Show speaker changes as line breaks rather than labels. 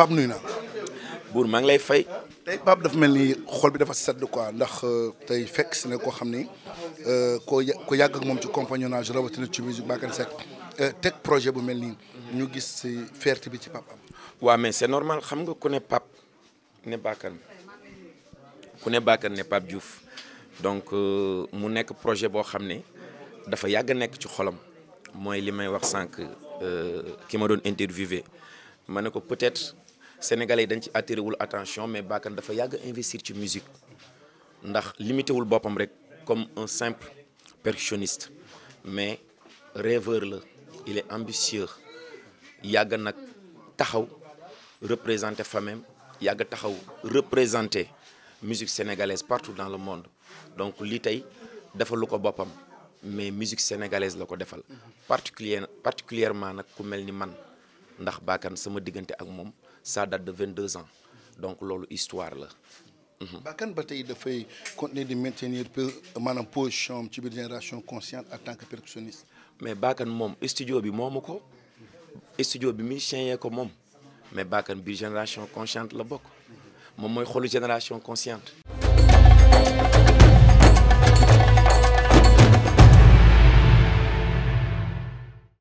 Pape nuyu naa. buur maa lay fay. tay Pape dafa melni xol bi dafa sedd quoi ndax euh, tay fek si ne koo xam ni euh, koo ko yàgg ak moom ci compagnonnage rawatina ci musique Bakary euh tek projet bu melni ñu gis ci fierté bi ci Pape am.
waaw mais c'est normal xam nga ku ne pap ne Bakary ku ne Bakary ne pap Diouf donc euh, mu nekk projet bo xam dafa yàgg nekk ci xolam moy limay wax sank euh ki ma doon interviewé mané ko peut-être sénégalais dañ ci attiré wul attention mais Bakane dafa yag investir ci musique ndax limité wul bopam rek comme un simple percussionniste mais rêveur le il est ambitieux yag nak taxaw représenter famem yag taxaw représenté musique sénégalaise partout dans le monde donc li tay dafa luko bopam mais musique sénégalaise la defal particulier particulièrement nak ku melni man ndax Bakane sama diganté ak mom ça date de 22 ans donc l'histoire histoire là.
Bakane mhm. ba de dafay continuer de maintenir maanaam position de la génération consciente en tant que percussionniste.
mais Bakane moom studio bi moomu ko studio bi qui yee ko moom mais génération consciente la bokk est mooy xolu génération consciente.